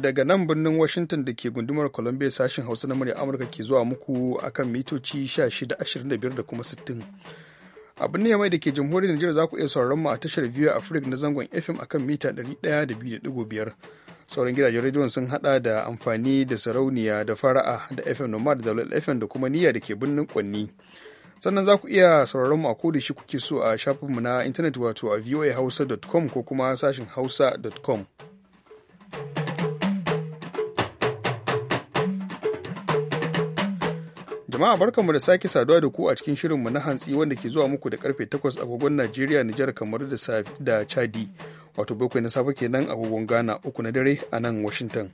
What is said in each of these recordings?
daga nan birnin Washington da ke gundumar Columbia sashen Hausa na murya Amurka ke zuwa muku akan mitoci 1625 da kuma 60. Abin birnin mai da ke jamhuriyar Najeriya za ku iya sauraron mu a tashar a Africa na zangon FM akan mita 102.5. Sauran gidajen rediyon sun hada da amfani da sarauniya da fara'a da FM Nomad da FM da kuma niyya da ke birnin Kwanni. sannan za ku iya sauraron mu a koda shi kuke so a shafinmu na intanet wato a voahausa.com ko kuma sashin hausa.com. Jama'a barkanmu da sake saduwa da ku a cikin shirinmu na hantsi wanda ke zuwa muku da karfe 8 agogon Najeriya, Nijar, kamar da Chadi. Wato bakwai na safe kenan agogon Ghana, uku na dare a nan Washington.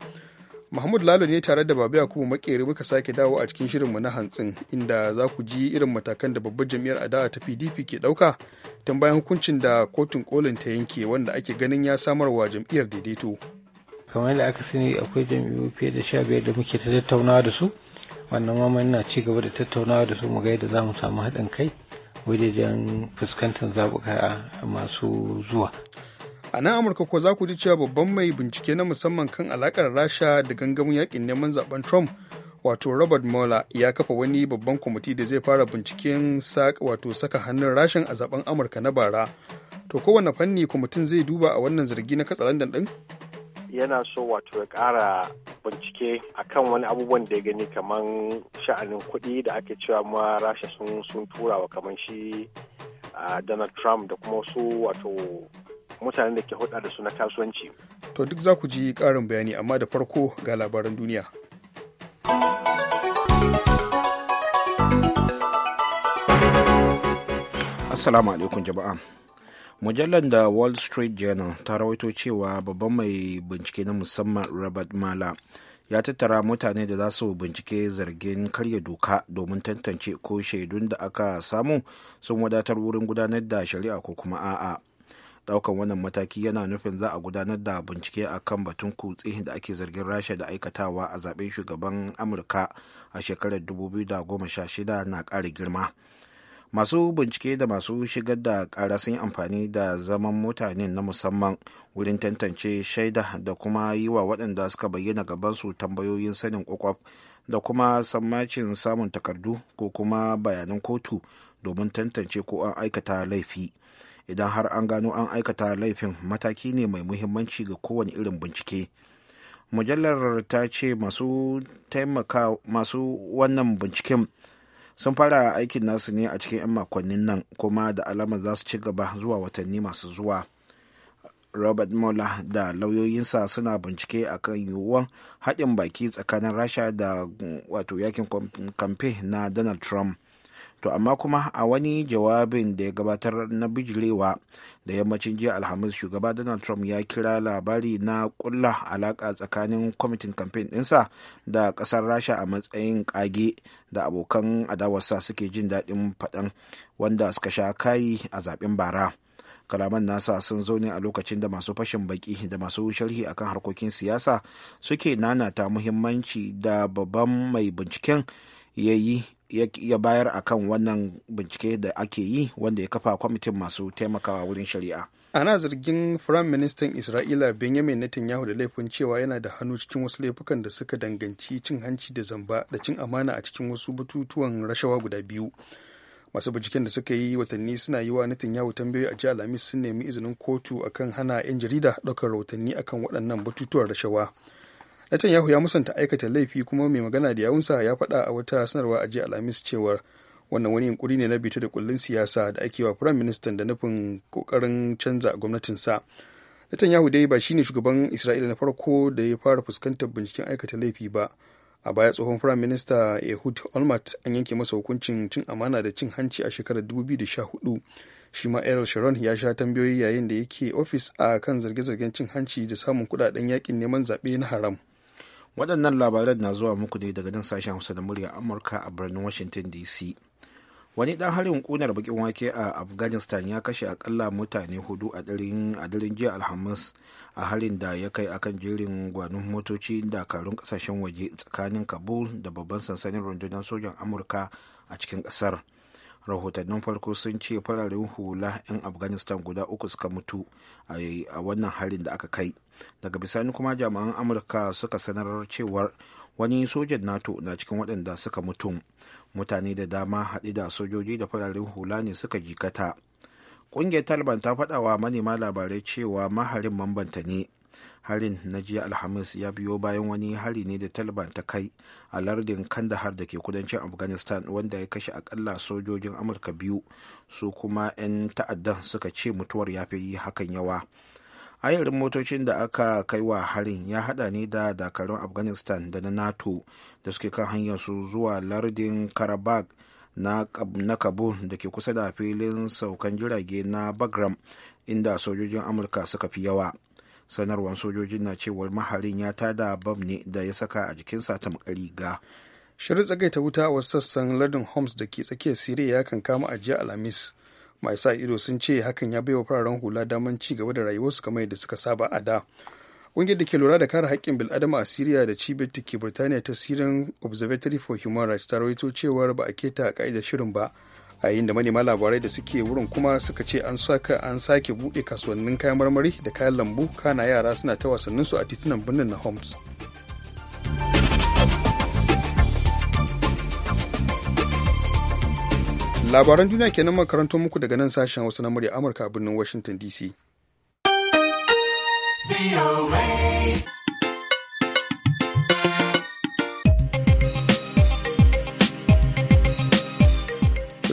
Mahmud Lalo ne tare da babu Yakubu Makere muka sake dawo a cikin shirinmu na hantsin inda za ku ji irin matakan da babbar jam'iyyar adawa ta PDP ke ɗauka tun bayan hukuncin da kotun kolin ta yanke wanda ake ganin ya samarwa jam'iyyar daidaito. Kamar yadda aka sani akwai jam'iyyu fiye da sha biyar da muke tattaunawa da su wannan mama yana ci gaba da tattaunawa da su mu ga yadda za mu samu haɗin kai wajejen fuskantar zaɓuka masu zuwa a nan amurka ko za ku ji cewa babban mai bincike na musamman kan alakar rasha da gangamin yakin neman zaben trump wato robert mueller ya kafa wani babban kwamiti da zai fara binciken wato saka hannun rashin a zaben amurka na bara to kowane fanni kwamitin zai duba a wannan zargi na katsalandan din yana so wato ya ƙara bincike a kan wani abubuwan da ya gani kamar sha'anin kuɗi da ake cewa ma rasha sun sun tura wa kamar shi donald trump da kuma su wato mutanen da ke hudu da su na kasuwanci to duk za ku ji ƙarin bayani amma da farko ga labaran duniya assalamu alaikum jama'a mujallar da wall street journal ta rawaito cewa babban mai bincike na musamman robert mala ya tattara mutane da za su bincike zargin karya doka domin tantance ko shaidun da aka samu sun wadatar wurin gudanar da shari'a ko kuma a'a daukan wannan mataki yana nufin za a gudanar da bincike a kan batun kutse da ake zargin rasha da aikatawa a zaben shugaban amurka a shekarar 2016 na ƙara girma masu bincike da masu shigar da kara sun yi amfani da zaman mutanen na musamman wurin tantance shaida da kuma yi wa waɗanda suka bayyana gabansu tambayoyin sanin kwakwaf da kuma sammacin samun takardu ko kuma bayanan kotu domin tantance ko an aikata laifi idan har an gano an aikata laifin mataki ne mai muhimmanci ga kowane irin bincike mujallar ta ce masu taimaka masu wannan binciken sun fara aikin nasu ne a cikin 'yan makonnin nan kuma da alamar za su ci gaba zuwa watanni masu zuwa robert mueller da lauyoyinsa suna bincike a kan yiwuwan haɗin baki tsakanin rasha da wato yakin kamfe na donald trump to amma kuma a wani jawabin da ya gabatar na bijirewa da yammacin jiya alhamis shugaba donald trump ya kira labari na kulla alaka tsakanin kwamitin kamfen sa da kasar rasha a matsayin kage da abokan adawarsa suke jin daɗin faɗan wanda suka sha kayi a zaɓen bara kalaman nasa sun zo ne a lokacin da masu fashin baki da masu sharhi akan harkokin siyasa suke nanata muhimmanci da babban mai binciken ya yi ya bayar a kan wannan bincike da ake yi wanda ya kafa kwamitin masu taimakawa wurin shari'a ana zargin firayim ministan isra'ila benjamin netanyahu da laifin cewa yana da hannu cikin wasu laifukan da suka danganci cin hanci da zamba da cin amana a cikin wasu batutuwan rashawa guda biyu masu binciken da suka yi watanni suna yi wa netanyahu tambayoyi a jiya alhamis sun nemi izinin kotu akan hana 'yan jarida ɗaukar rahotanni akan waɗannan batutuwan rashawa yahu ya musanta aikata laifi kuma mai magana da yawunsa ya faɗa a wata sanarwa a jiya Alhamis cewar wannan wani yunkuri ne na bita da kullun siyasa da ake wa firayim ministan da nufin kokarin canza gwamnatinsa. yahu dai ba shine shugaban Isra'ila na farko da ya fara fuskantar binciken aikata laifi ba. A baya tsohon firayim minista Ehud Olmert an yanke masa hukuncin cin amana da cin hanci a shekarar 2014. Shi ma Errol Sharon ya sha tambayoyi yayin da yake ofis a kan zarge-zargen cin hanci da samun kudaden yakin neman zaɓe na haram. waɗannan labaran na zuwa muku ne daga nan sashen hausa da murya amurka a birnin washington dc wani ɗan harin ƙunar bakin wake a afghanistan ya kashe akalla mutane hudu a daren jiya alhamis a harin da ya kai akan jerin gwanon motoci dakarun ƙasashen waje tsakanin kabul da babban sansanin rundunar sojan amurka a cikin ƙasar rahotannin farko sun ce fararen hula 'yan afghanistan guda uku suka mutu a wannan harin da aka kai daga bisani kuma jami'an amurka suka sanar cewar wani sojan nato na cikin waɗanda suka mutum mutane da dama haɗe da sojoji da fararen hula ne suka jikata ƙungiyar taliban ta faɗa wa manema labarai cewa maharin mambanta ne harin na jiya alhamis ya biyo bayan wani hari ne da taliban ta kai a lardin kandahar da ke kudancin afghanistan wanda ya kashe akalla sojojin amurka biyu su kuma 'yan ta'addan suka ce mutuwar ya fi hakan yawa ayarin motocin da aka kai wa harin ya hada ne da dakarun afghanistan da na nato da suke kan hanyar su zuwa lardin karabakh na kabul da ke kusa da filin saukan jirage na bagram inda sojojin amurka suka fi yawa sanarwar sojojin na cewar maharin ya tada bam ne da ya saka a jikinsa ta riga shirin tsagaita wuta a sassan lardin homs da ke tsakiyar siriya ya kankama a jiya alhamis mai sa ido sun ce hakan ya baiwa fararen hula daman ci gaba da rayuwarsu kamar yadda suka saba a da ƙungiyar da ke lura da kare haƙƙin bil'adama a siriya da cibiyar da ke birtaniya ta sirin observatory for human rights ta rawaito cewar ba a keta ka'idar shirin ba a yayin da manema labarai da suke wurin kuma suka ce an saka an sake buɗe kasuwannin kayan marmari da kayan lambu kana yara suna ta wasanninsu a titunan birnin na homs labaran duniya kenan makarantun muku daga nan sashen wasu na murya amurka a birnin washington dc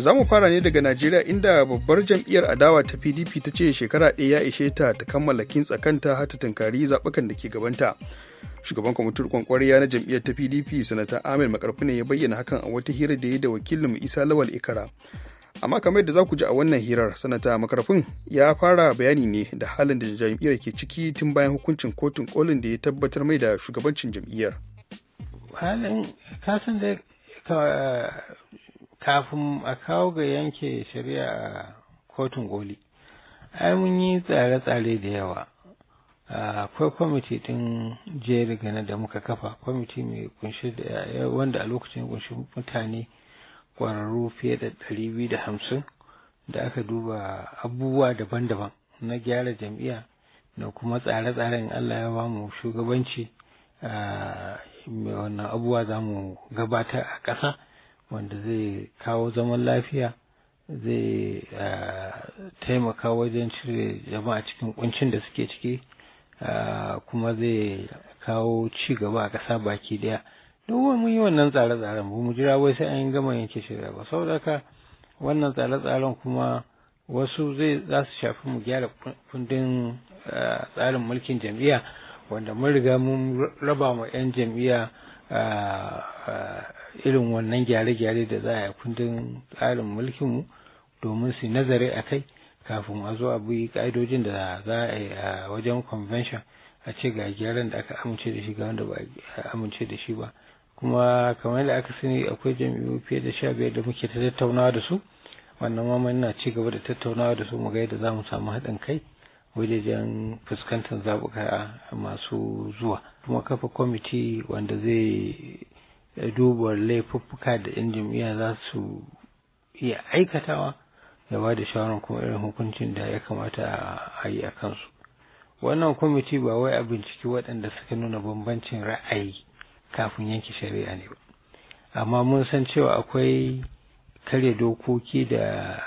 za mu fara ne daga najeriya inda babbar jam'iyyar adawa ta pdp ta ce shekara ɗaya ya ishe ta ta kammala kintsa kanta har ta tunkari zaɓukan da ke gabanta shugaban kwamitin rikon kwarya na jam'iyyar ta pdp sanata amir makarfi ne ya bayyana hakan a wata hira da ya da wakilin isa lawal ikara amma kamar yadda za ku ji a wannan hirar sanata makarfin ya fara bayani ne da halin da jam'iyyar ke ciki tun bayan hukuncin kotun kolin da ya tabbatar mai da shugabancin jam'iyyar halin kasan da kafin a kawo ga yanke shari'a kotun koli ai mun yi tsare-tsare da yawa Ah, akwai kwamiti din jeri gane da muka kafa kwamiti mai kunshi eh, wanda a lokacin kunshi mutane kwararru fiye da ɗari biyu da hamsin da aka duba abubuwa daban-daban na gyara jam'iyya da kuma tsare-tsaren Allah ya ba mu shugabanci ah, wannan abubuwa za mu gabata a ƙasa wanda zai kawo zaman lafiya zai ah, taimaka wajen cire jama'a cikin kuncin da suke ciki kuma zai kawo ci gaba a ƙasa baki ɗaya duk mun yi wannan tsare-tsaren mu mu jira wai sai an gama yanke shirya ba saboda ka wannan tsare-tsaren kuma wasu zai za su shafi mu gyara kundin tsarin mulkin jam'iyya wanda mun riga mun raba ma 'yan jam'iyya irin wannan gyare-gyare da za a yi kundin tsarin mulkinmu domin su nazari a kai kafin a zo a bi ka'idojin da za a yi a wajen convention a ce ga gyaran da aka amince da shi ga wanda ba a amince da shi ba kuma kamar da aka sani akwai jami'u fiye da sha biyar da muke ta tattaunawa da su wannan ma muna ci gaba da tattaunawa da su mu ga yadda za mu samu haɗin kai wajejen fuskantar zaɓuka masu zuwa kuma kafa kwamiti wanda zai duba laifuffuka da 'yan jam'iyya za su iya aikatawa da ba da shawarar kuma irin hukuncin da ya kamata a yi a kansu wannan kwamiti ba wai a binciki waɗanda suka nuna bambancin ra'ayi kafin yanke shari'a ne ba amma mun san cewa akwai kare dokoki da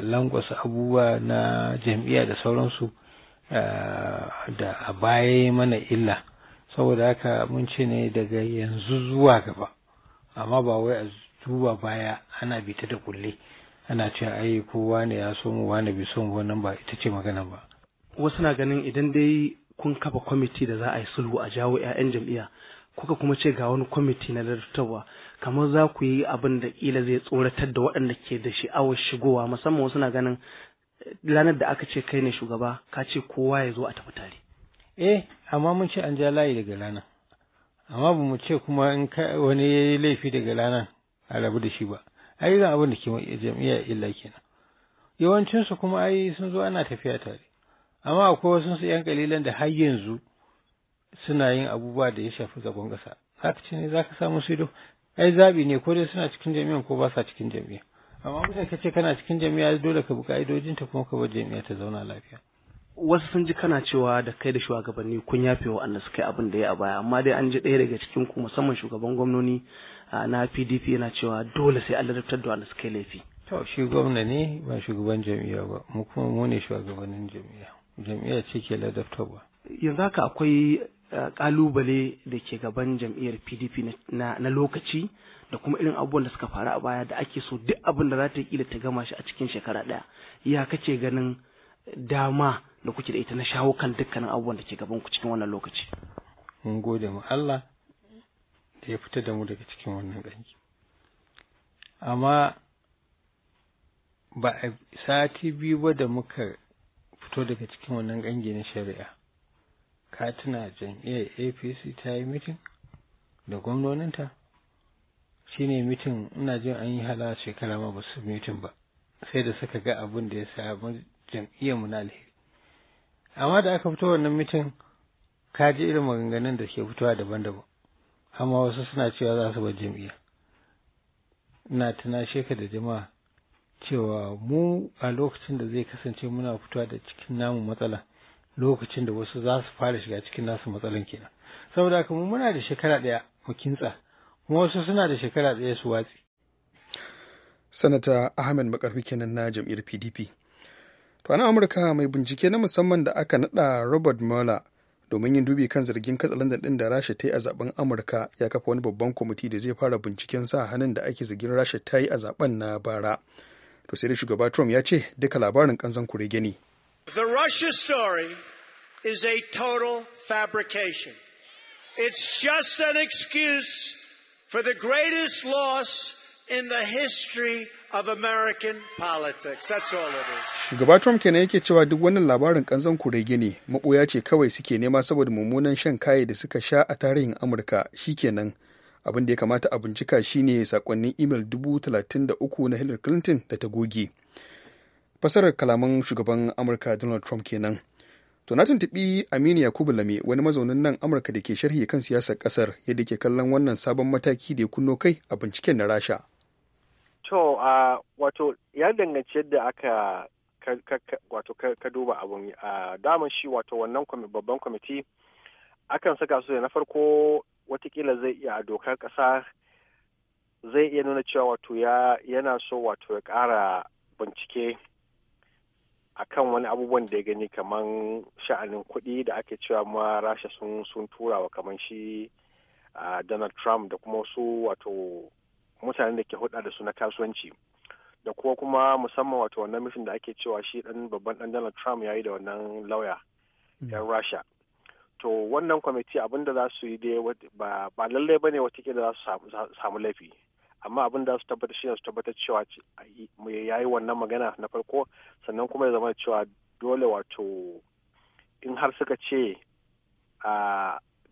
langwasa abubuwa na jam'iyya da sauransu da a baya mana illa saboda haka mun ce ne daga yanzu zuwa gaba amma ba wai a duba baya ana bita da kulle ana cewa ai kowa wane ya so mu wane bai so mu wannan ba ita ce magana ba wasu na ganin idan dai kun kafa kwamiti da za a yi sulhu a jawo 'ya'yan jam'iyya kuka kuma ce ga wani kwamiti na dattawa kamar za ku yi abin da kila zai tsoratar da waɗanda ke da sha'awar shigowa musamman wasu na ganin eh, ranar da aka ce kai ne shugaba ka ce kowa ya zo a tafi tare eh amma mun ce an ja layi daga lana amma ba mu ce kuma in wani ya yi laifi daga ranar a rabu da shi ba ai ga abin da ke jami'a illa kenan yawancinsu kuma ai sun zo ana tafiya tare amma akwai wasu su yan kalilan da har yanzu suna yin abubuwa da ya shafi zagon ƙasa zaka ce ne zaka samu su ido ai zabi ne ko dai suna cikin jami'an ko ba sa cikin jami'a amma mutum ka ce kana cikin jami'a dole ka bi ka'idojinta kuma ka bar jami'a ta zauna lafiya wasu sun ji kana cewa da kai da shugabanni kun yafe wa Allah suka abin da ya a baya amma dai an ji ɗaya daga cikin ku musamman shugaban gwamnoni na pdp yana cewa dole sai an ladabtar da wanda suka laifi to shi gwamna ne ba shugaban jam'iyya ba mu kuma mu ne shugabannin jam'iyya jam'iyya ce ke ladabtarwa yanzu haka akwai kalubale da ke gaban jam'iyyar pdp na lokaci da kuma irin abubuwan da suka faru a baya da ake so duk abin da za ta kila ta gama shi a cikin shekara ɗaya ya kace ganin dama da kuke da ita na shawo kan dukkanin abubuwan da ke gaban ku cikin wannan lokaci mun gode mu Allah da ya fita da mu daga cikin wannan ƙangi amma ba a sati biyu ba da muka fito daga cikin wannan ƙangi na shari'a ka tuna jam'iyyar apc ta yi mitin da gwamnoninta ne mitin ina jin an yi hala shekara ma ba su mitin ba sai da suka ga abin da ya samu jam'iyyar mu na alheri amma da aka fito wannan mitin ka ji irin maganganun da ke fitowa daban-daban amma wasu suna cewa za su bar jam'iyya ina tunashe ka da jama'a cewa mu a lokacin da zai kasance muna fitowa da cikin namu matsala lokacin da wasu za su fara shiga cikin nasu matsalan kenan saboda haka mu muna da shekara ɗaya mu kintsa kuma wasu suna da shekara ɗaya su watsi sanata ahmed makarfi kenan na jam'iyyar pdp to amurka mai bincike na musamman da aka naɗa robert mueller domin yin dubi kan zargin katsalandan da rasha ta yi a zaben amurka ya kafa wani babban kwamiti da zai fara binciken sa hannun da ake zargin rasha ta yi a zaben na bara to sai da shugaba trump ya ce duka labarin kanzan the russia story is a total fabrication it's just an excuse for the greatest loss in the history of American politics. Shugaba Trump kenan yake cewa duk wannan labarin kanzon kurege ne, maboya ce kawai suke nema saboda mummunan shan kaye da suka sha a tarihin Amurka shikenan. Abin da ya kamata a bincika shine sakonnin imel dubu talatin da uku na Hillary Clinton da ta goge. Fasarar kalaman shugaban Amurka Donald Trump kenan. To na tuntuɓi Aminu Yakubu Lame wani mazaunin nan Amurka da ke sharhi kan siyasar ƙasar yadda ke kallon wannan sabon mataki da ya kunno kai a binciken na Rasha. To, uh, wato ya danganci yadda aka wato ka duba abin uh, daman shi wato wannan babban kwamiti akan saka su na farko watakila zai iya a dokar ƙasa zai iya nuna cewa wato yana so wato ya ƙara bincike akan wani abubuwan da ya gani kamar sha'anin kuɗi da ake cewa ma rasha sun sun tura wa kaman shi donald trump da kuma su wato mutanen da ke hudda da su na kasuwanci da kuma kuma musamman wato wannan mishin da ake cewa shi dan babban dan Donald Trump yayi da wannan lauya mm. yan Rasha to wannan kwamiti abin da za su yi dai ba ba lallai bane da za su samu laifi amma abin da su tabbatar shi su tabbatar cewa ya yi wannan magana na farko sannan kuma ya zama cewa dole wato in har suka ce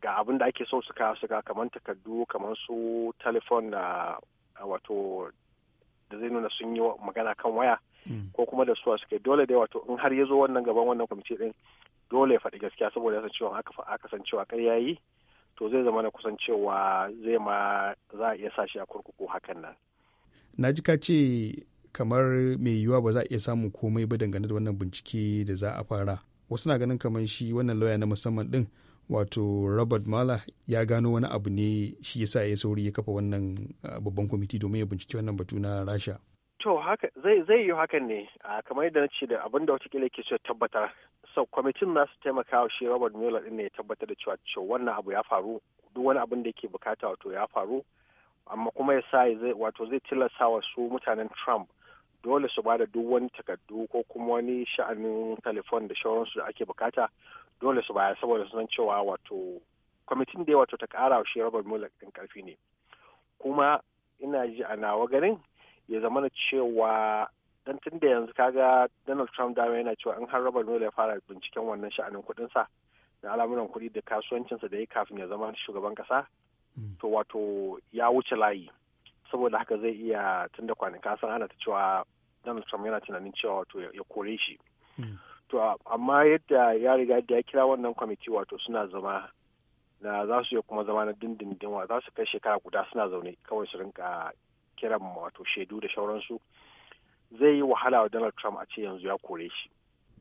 ga abin da ake so su kawo su kamar takardu kamar su telefon na wato da zai nuna sun yi magana kan waya hmm. ko kuma da suwa suke dole dai wato in har ya zo wannan gaban wannan kwamiti din dole ya faɗi gaskiya saboda ya san cewa aka aka san cewa kar yayi to zai zama na kusan cewa zai ma za a iya sa shi a kurkuku hakan nan na ji ka ce kamar mai yiwuwa ba za a iya samun komai ba dangane da wannan bincike da za a fara wasu na ganin kamar shi wannan lauya na musamman din wato robert mala ya gano wani abu ne shi yasa ya sauri ya kafa wannan ah, babban kwamiti domin ya binciki wannan batu na rasha to zai yi hakan ne ah, kamar yadda na ce da abin da watakila ke so tabbata so kwamitin su taimaka wa shi robert mueller din ne ya tabbata da cewa wannan abu ya faru duk wani abin da yake bukata wato ya faru amma kuma ya sa wato zai tilasta wa su mutanen trump dole su ba da duk wani takardu ko kuma wani sha'anin telefon da shauransu da ake bukata dole su baya saboda sunan cewa wato kwamitin da wato ta kara shi rabar Mueller din karfi ne kuma ina ji a nawa ganin ya zama na cewa dan tun da yanzu kaga Donald Trump dama yana cewa in har rabar Mueller ya fara binciken wannan sha'anin kuɗin sa da al'amuran kuɗi da kasuwancinsa da ya kafin ya zama shugaban kasa mm. to wato ya wuce layi saboda haka zai iya tun da kwanaka san ana ta cewa Donald Trump yana tunanin cewa wato ya kore shi mm. to amma yadda ya riga da ya kira wannan kwamiti wato suna zama na za su yi kuma zama na dindindin wa za su kai shekara guda suna zaune kawai su rinka kiran wato shaidu da shauransu zai yi wahala wa donald trump a ce yanzu ya kore shi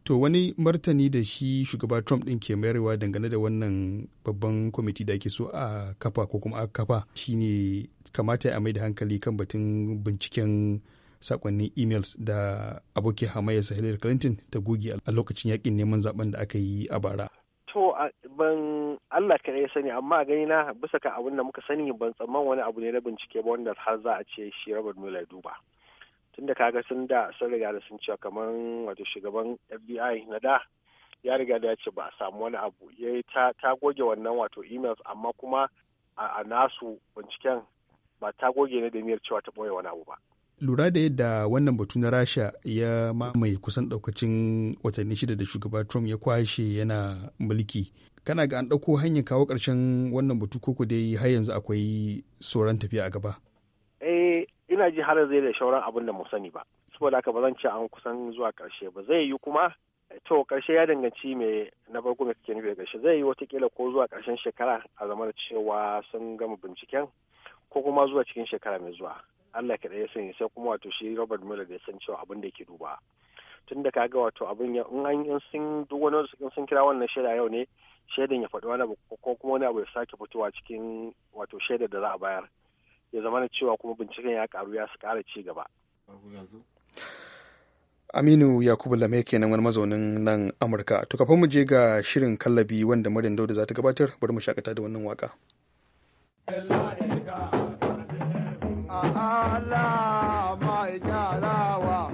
to wani martani da shi shugaba trump din ke mayarwa dangane da wannan babban kwamiti da ake so a kafa ko kuma a kafa shine kamata a mai da hankali kan batun binciken sakonnin emails da aboki hamayya Hillary Clinton ta goge a lokacin yakin neman zaben da aka yi a bara. To ban Allah ka ya sani amma gani na bisa ka abin da muka sani ban tsamman wani abu ne na bincike ba wanda har za a ce shi Robert Mueller duba. Tunda kaga sun da sun riga da sun cewa kamar wato shugaban FBI na da ya riga da ya ce ba a samu wani abu ya ta, ta goge wannan wato emails amma kuma a, a nasu binciken ba ta goge ne da niyyar cewa ta ɓoye wani abu ba lura da yadda wannan batu na rasha ya mamaye kusan daukacin watanni shida da shugaba trump ya kwashe yana mulki kana ga an dauko hanyar kawo karshen wannan batu ko koko dai har yanzu akwai sauran tafiya a gaba eh ina ji har zai da shauran abun da mu sani ba saboda haka ba zan ce an kusan zuwa karshe ba zai yi kuma to karshe ya danganci me na farko mai kake nufi karshe zai yi watakila ko zuwa karshen shekara a zama cewa sun gama binciken ko kuma zuwa cikin shekara mai zuwa Allah kaɗai ya sani sai kuma wato shi Robert Mueller da ya san cewa abin da ke duba tun da ga wato abin ya in an yi sun duk wani in sun kira wannan shaida yau ne shaidan ya faɗi wani abu ko kuma wani abu ya sake fitowa cikin wato shaidar da za a bayar ya zama na cewa kuma binciken ya karu ya su ƙara ci gaba. Aminu Yakubu Lame kenan wani mazaunin nan Amurka. To kafin mu je ga shirin kallabi wanda Maryam Dauda za ta gabatar, bari mu shakata da wannan waka. Allah. Allah mai gyarawa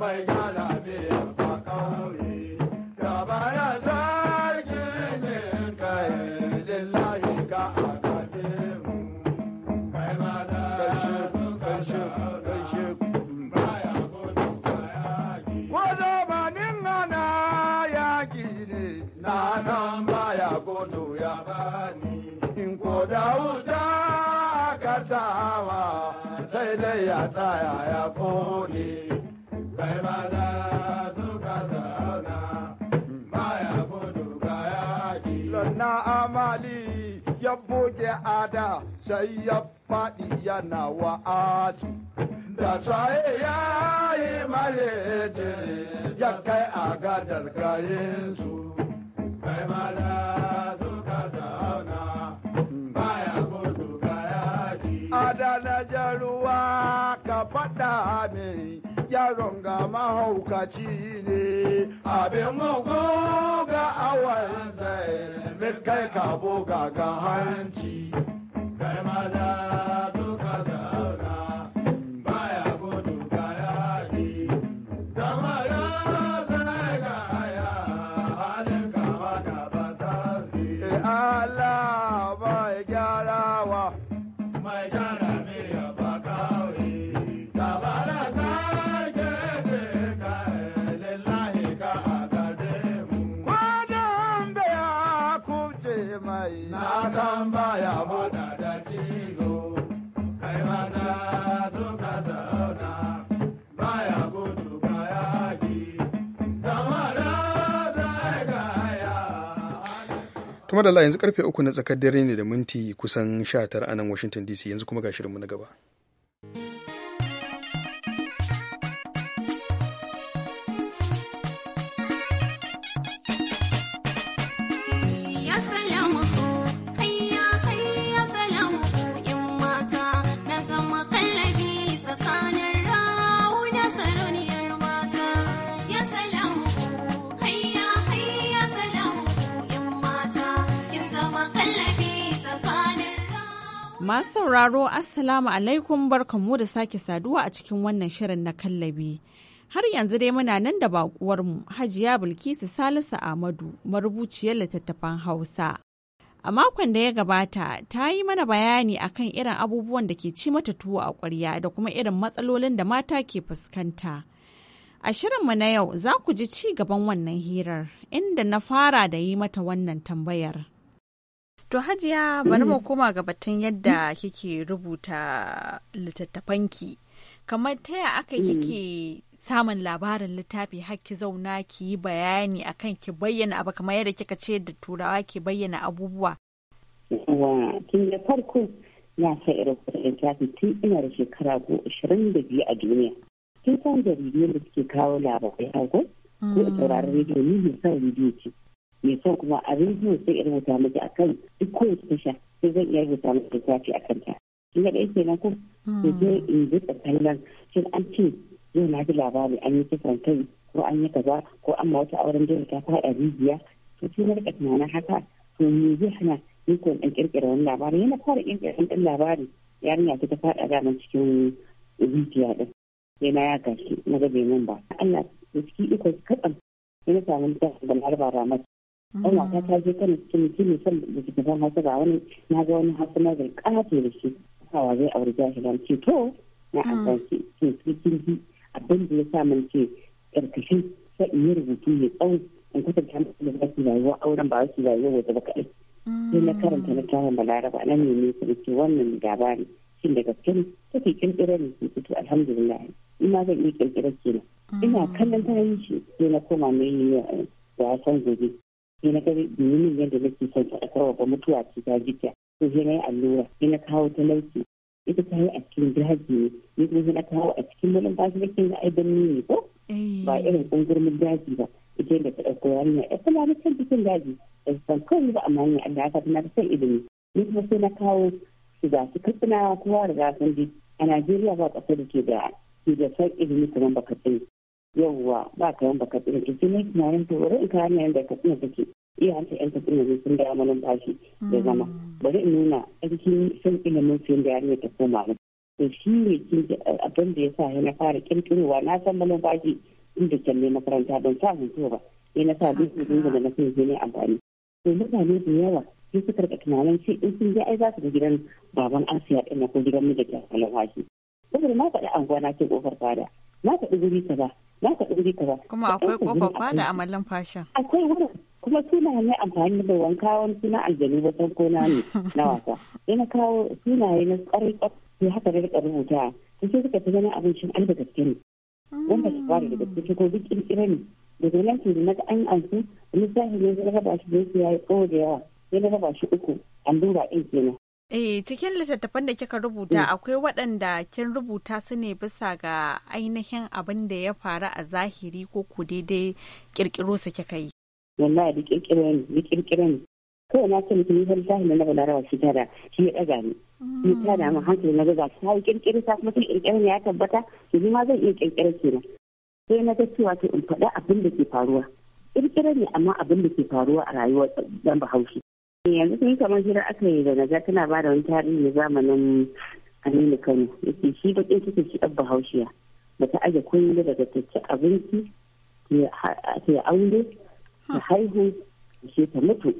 mai gyara ne kai ka mu ma baya gudu bayaki wanda ba ningana yaki ne na san baya ya bani in ko da ya tsaya ya kone kai maza suka zauna baya gudu ga yaki lonna amali ya buge ada sai ya faɗi yana wa'atu da saye ya yi malece ya kai a gadar gayinsu kai maza ya faɗa min yaron ga mahaukaci ne abin mugu ga awon zai kai kabo ga hanci. Tumar da yanzu karfe uku na tsakar dare ne da minti kusan sha tara a nan Washington DC yanzu kuma ga shirinmu na gaba. Assalamu alaikum. Masu sauraro Assalamu alaikum barkanmu da sake saduwa a cikin wannan shirin na kallabi. Har yanzu dai muna nan da bakuwarmu Hajiya Bilkisu Salisu Amadu, marubuciyar littattafan Hausa. A makon da ya gabata ta yi mana bayani akan irin abubuwan da ke ci mata tuwo a kwarya da kuma irin matsalolin da mata ke fuskanta. A shirin mu na yau za ku ji ci gaban wannan hirar inda na fara da yi mata wannan tambayar. To Hajiya bari mu mm. koma ga batun yadda kike rubuta littattafanki. Kamar ta ya aka kike mm. samun labarin littafi haki zauna ki yi bayani akan ki bayyana abu kamar yadda kika ce da turawa ke bayyana abubuwa. Wa tun da farko ya sa irin littafi tun ina da shekara ko ashirin da biyu a duniya. Tun san jaridiyar da suke kawo labarai a ko a mm. sauraron rediyo ni ne sa rediyo ce. mai son kuma a rediyo sai in rubuta miki akan duk kowace tasha sai zan iya rubuta miki littafi akan ta in ga ɗaya kenan ko sai hmm. sai in ji tsakanin shin an ce yau na ji labari an yi kisan kai ko an yi kaza ko an ma wata auren jini ta faɗa rijiya to sai na riƙa tunanin haka to me zai hana ni ko in ƙirƙira wani labari yana fara ƙirƙira ɗan labari yarinya ta faɗa daman cikin rijiya ɗin yana ya gashi na gabe mun ba Allah da ciki iko kaɗan yana samun samu da na raba ramar ɗan ta ta je kan cikin jini son da jikin hasu ba wani na ga wani hasu na zai kafe da shi sawa zai auri jahilan ce to na an ce ce cikin ji abin da ya sa min ce ƙarƙashin sai in rubutu mai tsawo in da hannun da yi rayuwa auren ba su rayuwa wata ba kaɗai sai na karanta littafin balaraba na ne su da ce wannan gaba ne shin da gaske ne take kirkira ne su fito alhamdulillah ina zan iya kirkira ke mm. ina kallon ta yi shi sai na koma mai yi san gobe sai na gari ne yadda nake son ta kawo ba mutuwa ci cikin gita to zai na yi allura ina na kawo talauci ita ta yi a cikin daji ne ni kuma sai kawo a cikin wani bashi na yi aibin ni ne ko eh. ba irin kungurmin daji ba ita da ta ɗauko yarinya ya kuma na san cikin daji da san kawai ba amma ni Allah ka tana da san ilimi ni kuma sai na kawo shiga su katsina kowa da su a Najeriya ba ƙasar da ke da ke da san ilimi kamar baka tsini yawwa ba ka yanka baka tsina ki jini tunanin to bari in ka hanyar da ka tsina take iya ta yan ta tsina sun da yamanin bashi da mm. zama bari in nuna cikin sun ilimin su yadda ne ta koma ba to shi ne kin eh, abin da ya sa ya na fara kirkirowa na san mana bashi inda can ne makaranta ban sa hutu ba sai na sa duk da da na sun ne amfani to mutane da yawa sai suka rika tunanin sai in sun je ai za su ga gidan baban asiya ɗin ko gidan mu da ke kalawaki saboda na faɗi anguwa na ce ƙofar fada na ɗin ka ba na ɗin ka ba. kuma akwai kofafa da mallam fasha akwai wani kuma sunaye ne amfani da wanka wani suna aljanu ba san ko na ne na wasa ina kawo sunaye na tsari ne haka da rika rubuta sai suka fi zama abincin gaske ne wanda ta fara da gaske ko duk ƙirƙira ne daga nan ke da naka an ansu lissafi ne na raba shi da ya yi tsawo da yawa sai na raba shi uku allura ɗin kenan Eh cikin littattafan da kika rubuta mm. akwai waɗanda kin rubuta su ne bisa ga ainihin abin da ya faru a zahiri ko ku daidai kirkiro su kika yi. Wallahi da kirkiro ne, ni kirkiro ne. Kawai na ce mutum yawan zahiri na rawa shi tara shi ya ɗaga ni. Mm. Ni ta da mu hankali na gaza ta yi kirkiro ta kuma kirkiro ne ya tabbata to ni ma zan iya kirkiro nan. Sai na ga cewa ke in faɗa abin da ke faruwa. Kirkiro ne amma abin da ke faruwa a rayuwar ɗan Bahaushe. yanzu sun kamar hira aka yi da naga tana ba da wani tarihi zamanin aminu kano yake shi bakin cikin shi ɗan Bahaushiya da ta aje kunya daga tacce abinci ta aure ta haihu shi ta mutu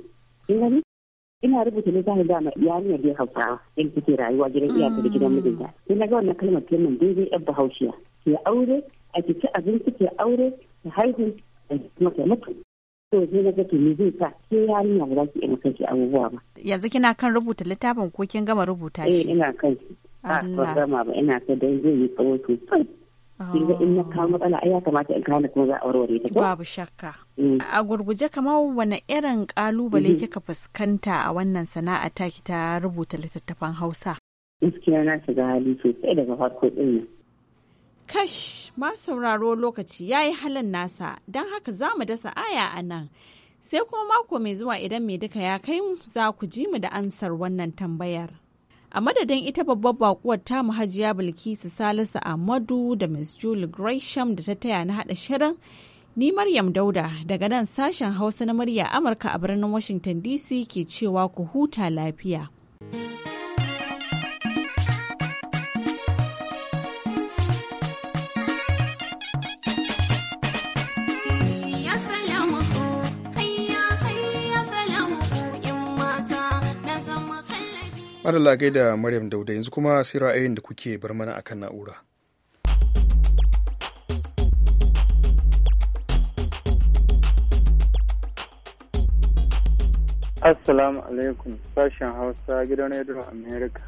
ina rubuta ne littafin dama yarinya dai hausawa in kike rayuwa gidan iyaka da gidan mm. mijinta sai na ga wannan kalmar kenan daidai abba Bahaushiya ke aure a ci abinci ke aure ta haihu da kuma ta mutu to ne na ga tuni zai sa ke yarinya ba za ki iya kanki abubuwa ba yanzu kina kan rubuta littafin ko kin gama rubuta shi eh ina kan shi Allah. ba gama ba ina kai dan zai yi tsawo sosai kin ga in na kawo oh. matsala ai ya kamata in kawo kuma za a warware ta babu shakka mm. a gurguje kamar wani irin kalubale mm-hmm. kika fuskanta a wannan sana'a ta ki ta rubuta littattafan Hausa gaskiya na shiga hali sosai daga farko din nan Kash ma sauraro lokaci ya yi halin nasa don haka za mu dasa aya a nan. Sai kuma mako mai zuwa idan mai duka ya kai za ku ji mu da ansar wannan tambayar. A madadin ita babbar bakuwar ta hajiya Bilkisu Salisu Ahmadu da Miss Julie Gresham da ta taya na hada shirin Ni Maryam Dauda daga nan sashen Hausa na murya Amurka a birnin Washington DC ke cewa ku huta lafiya. Madalla da Maryam Dauda yanzu kuma sai ra'ayin da kuke bar mana akan na'ura. Assalamu alaikum sashen Hausa gidan Radio America.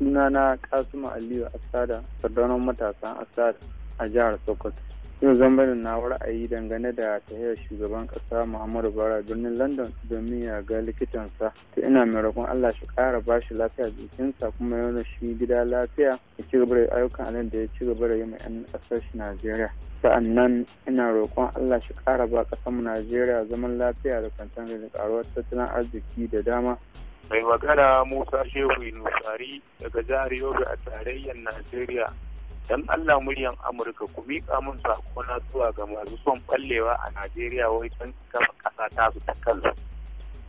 Sunana Kasuma Aliyu Asada, sardaunan matasan Asada a jihar Sokoto. yau zan bada na ra'ayi dangane da tahiyar shugaban kasa muhammadu bara birnin london domin ya ga likitansa ta ina mai roƙon allah shi ƙara ba shi lafiya jikinsa kuma yana shi gida lafiya ya ci gaba da ayyukan alin da ya ci gaba da yi ma 'yan ƙasar shi najeriya sa'annan ina roƙon allah shi ƙara ba ƙasarmu najeriya zaman lafiya da kwanciyar da ƙaruwar tattalin arziki da dama mai magana musa shehu nusari daga jihar yobe a tarayyar najeriya dan Allah muryan Amurka ku miƙa mun na zuwa ga masu son ballewa a Najeriya wai don kafa ƙasa ta su ta kansu.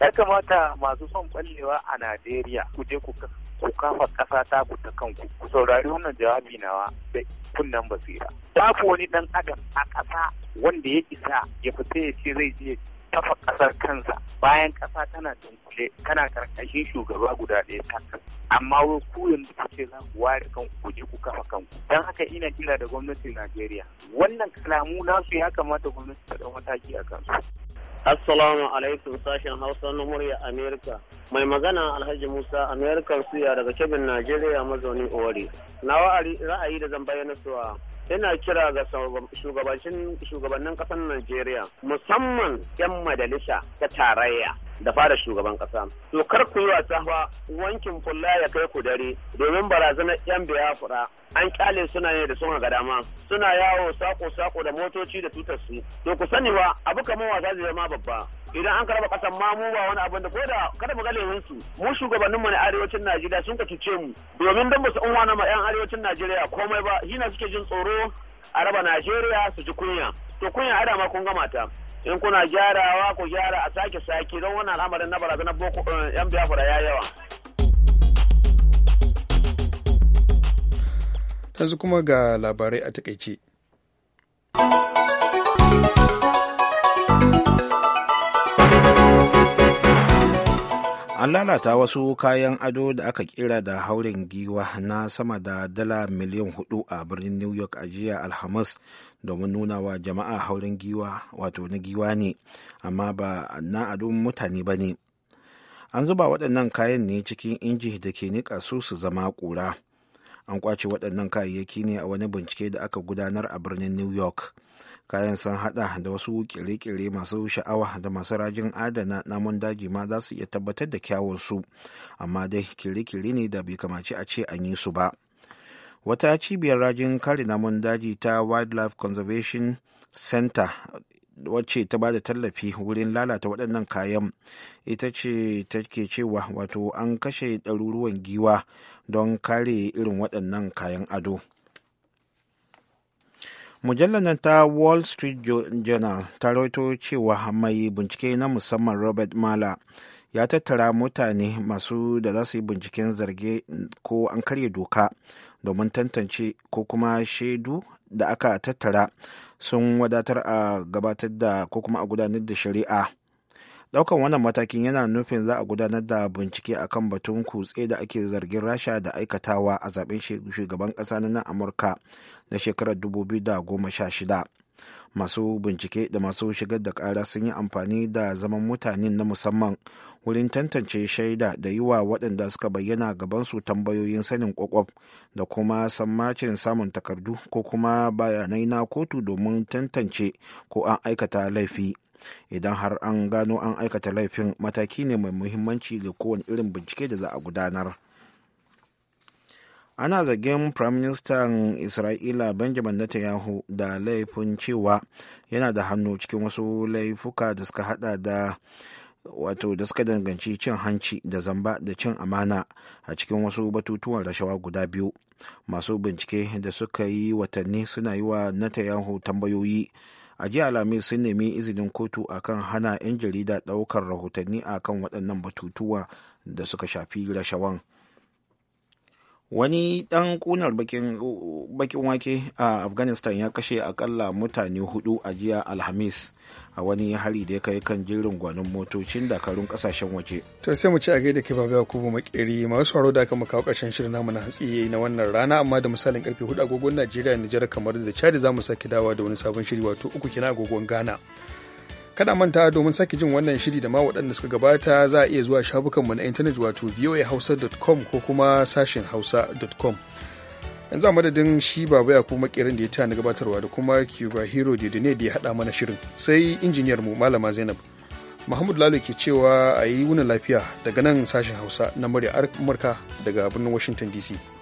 Ya kamata masu son ballewa a Najeriya ku je ku kafa ƙasa ta ku ta kanku ku saurari wannan jawabi nawa da kunnan basira. Babu wani ɗan adam a ƙasa wanda ya isa ya fita ya ce zai je kafa ƙasar kansa bayan ƙasa tana dunkule kana karkashin shugaba guda ɗaya takas amma wai ku yanzu ku za ku ware kan ku je ku kafa kanku don haka ina kira da gwamnatin Najeriya wannan kalamu nasu ya kamata gwamnati ta ɗau mataki a kansu. Assalamu alaikum sashen Hausa na murya Amerika. Mai magana Alhaji Musa Amerika suya daga kebin Najeriya mazauni Owari. Na ra'ayi da zan bayyana suwa Ina kira ga shugabannin kasar Najeriya musamman 'yan majalisa ta tarayya da fara shugaban kasa to kar ku yi wasa ba wankin fulla ya kai ku dare domin barazanar yan biyafura an kyale suna ne da suna ga dama suna yawo sako sako da motoci da tutar su to ku sani ba abu kamar wasa zai zama babba idan an karba kasan ma mu ba wani abin da ko da kada mu galehin su mu shugabannin mu na arewacin Najeriya sun ka ce mu domin dan ba su unwana ma yan arewacin Najeriya komai ba hina suke jin tsoro a raba Najeriya su ji kunya to kunya ada ma kun gama ta in kuna gyarawa ku gyara a sake sake don wannan al'amarin na barazana boko yan eh, biyafura ya yawa yanzu kuma ga labarai a takaice. an lalata wasu kayan ado da aka kira da hauren giwa na sama da dala miliyan hudu a birnin new york a jiya alhamis domin nuna wa jama'a hauren giwa wato na giwa ne amma ba na ado mutane ba ne an zuba waɗannan kayan ne cikin inji da ke niƙa su su zama ƙura an kwace waɗannan kayayyaki ne a wani bincike da aka gudanar a birnin new york kayan sun hada da wasu kire-kire masu sha'awa da masu rajin adana namun daji ma za su iya tabbatar da kyawunsu amma dai kire-kire ne da bai kamaci a ce an yi su ba wata cibiyar rajin kare namun daji ta wildlife conservation center wacce ta ba da tallafi wurin lalata waɗannan kayan ita ce ta ke cewa wato an kashe ɗaruruwan giwa don kare irin waɗannan kayan ado. mujallar nan ta wall street journal ta rawaito cewa mai bincike na musamman robert mala ya tattara mutane masu da za su yi binciken zarge ko an karya doka domin tantance ko kuma shaidu da aka tattara sun wadatar a gabatar da ko kuma a gudanar da shari'a daukan wannan matakin yana nufin za a gudanar da bincike a kan batun kutse da ake zargin rasha da aikatawa a zaben shugaban kasa na nan amurka na shekarar 2016 masu bincike da masu shigar da kara sun yi amfani da zaman mutanen na musamman wurin tantance shaida da yi wa waɗanda suka bayyana gaban su tambayoyin sanin kwakwaf da kuma sammacin samun takardu ko kuma bayanai na kotu domin tantance ko an aikata laifi idan har an gano an aikata laifin mataki ne mai muhimmanci ga kowane irin bincike da za a gudanar ana zargin firaministan isra'ila benjamin netanyahu da laifin cewa yana da hannu cikin wasu laifuka da suka hada da wato da suka danganci cin hanci da zamba da cin amana a cikin wasu batutuwan rashawa guda biyu masu bincike da suka yi watanni suna yi wa Netanyahu tambayoyi a jiya alhamis sun nemi izinin kotu akan hana 'yan jarida ɗaukar rahotanni akan waɗannan batutuwa da suka shafi rashawan. wani dan kunar bakin wake a afghanistan ya kashe akalla mutane hudu a jiya alhamis a wani hari da ya kai kan jirin gwanon motocin dakarun kasashen waje. To sai mu ci a gaida kebab kubu Makeri masu haro da aka kawo karshen shirin namu na hatsi na wannan rana amma da misalin karfe hudu agogon Najeriya Nijar kamar da Chad za mu sake dawa da wani sabon shiri wato uku kina agogon Ghana. kada manta domin sake jin wannan shiri da ma waɗanda suka gabata za a iya zuwa shafukanmu na intanet wato voahausa.com ko kuma sashen hausa.com yanzu a madadin shi baba ya kuma kirin da ya ta na gabatarwa da kuma cuba hero da ne da ya haɗa mana shirin sai injiniyar mu malama zainab muhammadu lalo ke cewa a yi wunin lafiya daga nan sashen hausa na murya amurka daga birnin washington dc